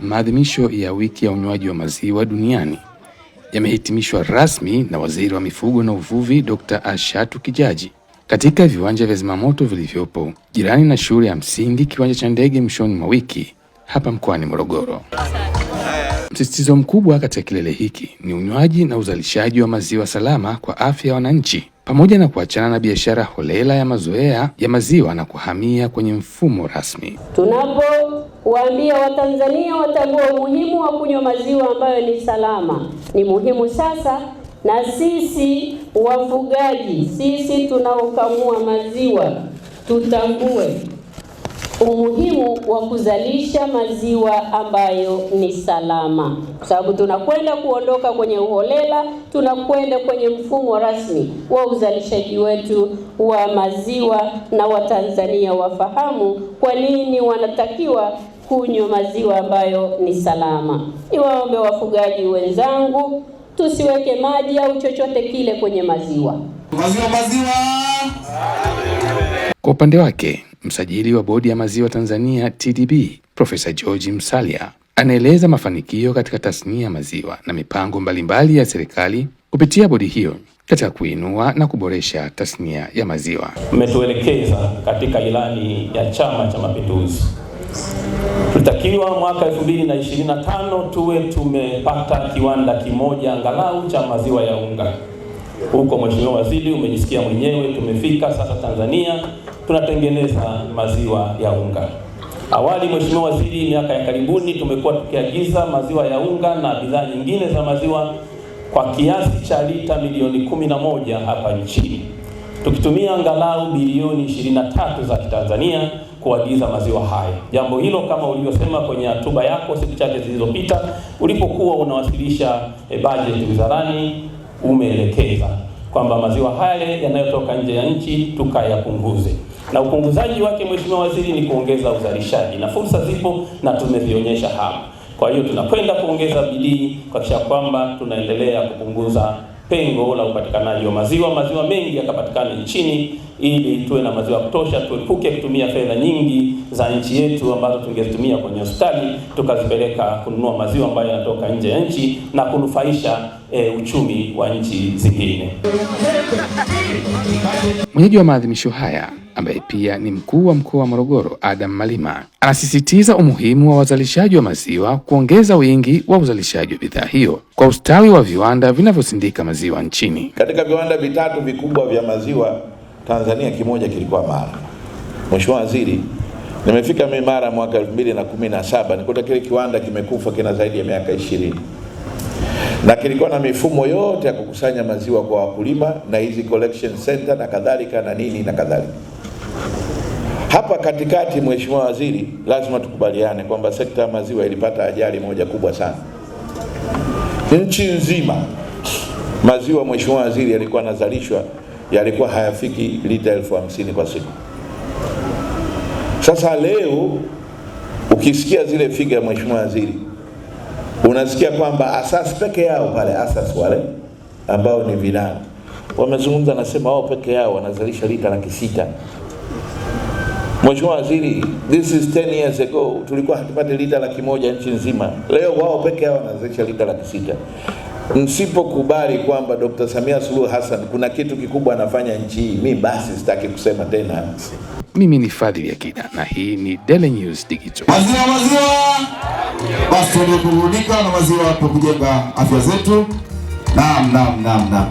Maadhimisho ya wiki ya unywaji wa maziwa duniani yamehitimishwa rasmi na Waziri wa Mifugo na Uvuvi Dr. Ashatu Kijaji katika viwanja vya zimamoto vilivyopo jirani na shule ya msingi Kiwanja cha Ndege mwishoni mwa wiki hapa mkoani Morogoro. Msisitizo mkubwa katika kilele hiki ni unywaji na uzalishaji wa maziwa salama kwa afya ya wananchi pamoja na kuachana na biashara holela ya mazoea ya maziwa na kuhamia kwenye mfumo rasmi. Tunapowaambia Watanzania watambue umuhimu wa kunywa maziwa ambayo ni salama, ni muhimu sasa na sisi wafugaji, sisi tunaokamua maziwa tutambue umuhimu wa kuzalisha maziwa ambayo ni salama, kwa sababu tunakwenda kuondoka kwenye uholela, tunakwenda kwenye mfumo rasmi wa uzalishaji wetu wa maziwa, na Watanzania wafahamu kwa nini wanatakiwa kunywa maziwa ambayo ni salama. Niwaombe wafugaji wenzangu, tusiweke maji au chochote kile kwenye maziwa. Maziwa, maziwa. Kwa upande wake msajili wa bodi ya maziwa Tanzania TDB, Profesa George msalia anaeleza mafanikio katika tasnia ya maziwa na mipango mbalimbali ya serikali kupitia bodi hiyo katika kuinua na kuboresha tasnia ya maziwa. Mmetuelekeza katika ilani ya Chama cha Mapinduzi, tutakiwa mwaka 2025 tuwe tumepata kiwanda kimoja angalau cha maziwa ya unga huko, mheshimiwa waziri, umejisikia mwenyewe, tumefika sasa Tanzania tunatengeneza maziwa ya unga. Awali mheshimiwa waziri, miaka ya karibuni tumekuwa tukiagiza maziwa ya unga na bidhaa nyingine za maziwa kwa kiasi cha lita milioni 11 hapa nchini tukitumia angalau bilioni 23 za Kitanzania kuagiza maziwa haya. Jambo hilo kama ulivyosema kwenye hotuba yako siku chache zilizopita ulipokuwa unawasilisha e, eh, bajeti wizarani umeelekeza kwamba maziwa haya yanayotoka nje ya nchi tukayapunguze, na upunguzaji wake, Mheshimiwa Waziri, ni kuongeza uzalishaji, na fursa zipo na tumezionyesha hapa. Kwa hiyo tunakwenda kuongeza bidii kuhakikisha kwamba tunaendelea kupunguza pengo la upatikanaji wa maziwa, maziwa mengi yakapatikana nchini, ili tuwe na maziwa ya kutosha, tuepuke kutumia fedha nyingi za nchi yetu ambazo tungezitumia kwenye hospitali tukazipeleka kununua maziwa ambayo yanatoka nje ya nchi na kunufaisha e, uchumi wa nchi zingine. Mwenyeji wa maadhimisho haya ambaye pia ni mkuu wa mkoa wa Morogoro, Adam Malima, anasisitiza umuhimu wa wazalishaji wa maziwa kuongeza wingi wa uzalishaji wa bidhaa hiyo kwa ustawi wa viwanda vinavyosindika maziwa nchini. Katika viwanda vitatu vikubwa vya maziwa Tanzania, kimoja kilikuwa Mara. Mheshimiwa Waziri, nimefika mimi Mara mwaka 2017 nikuta kile kiwanda kimekufa, kina zaidi ya miaka ishirini na kilikuwa na mifumo yote ya kukusanya maziwa kwa wakulima na hizi collection center na kadhalika na nini na kadhalika. Hapa katikati, Mheshimiwa Waziri, lazima tukubaliane kwamba sekta ya maziwa ilipata ajali moja kubwa sana nchi nzima. Maziwa, Mheshimiwa Waziri, yalikuwa yanazalishwa yalikuwa hayafiki lita elfu hamsini kwa siku. Sasa leo ukisikia zile figa, Mheshimiwa Waziri, unasikia kwamba asasi peke yao pale, asasi wale ambao ni vilana wamezungumza, nasema wao peke yao wanazalisha lita laki sita. Mheshimiwa Waziri, this is 10 years ago tulikuwa hatupate lita laki moja nchi nzima. Leo wao peke yao wanawezesha lita laki sita. Msipokubali kwamba Dr. Samia Suluhu Hassan kuna kitu kikubwa anafanya nchi hii, mi basi sitaki kusema tena. Mimi ni Fadhili Akida na hii ni Daily News Digital. Maziwa maziwa, basi tuende kurudika na maziwa hapo kujenga afya zetu. Naam, naam, naam, naam.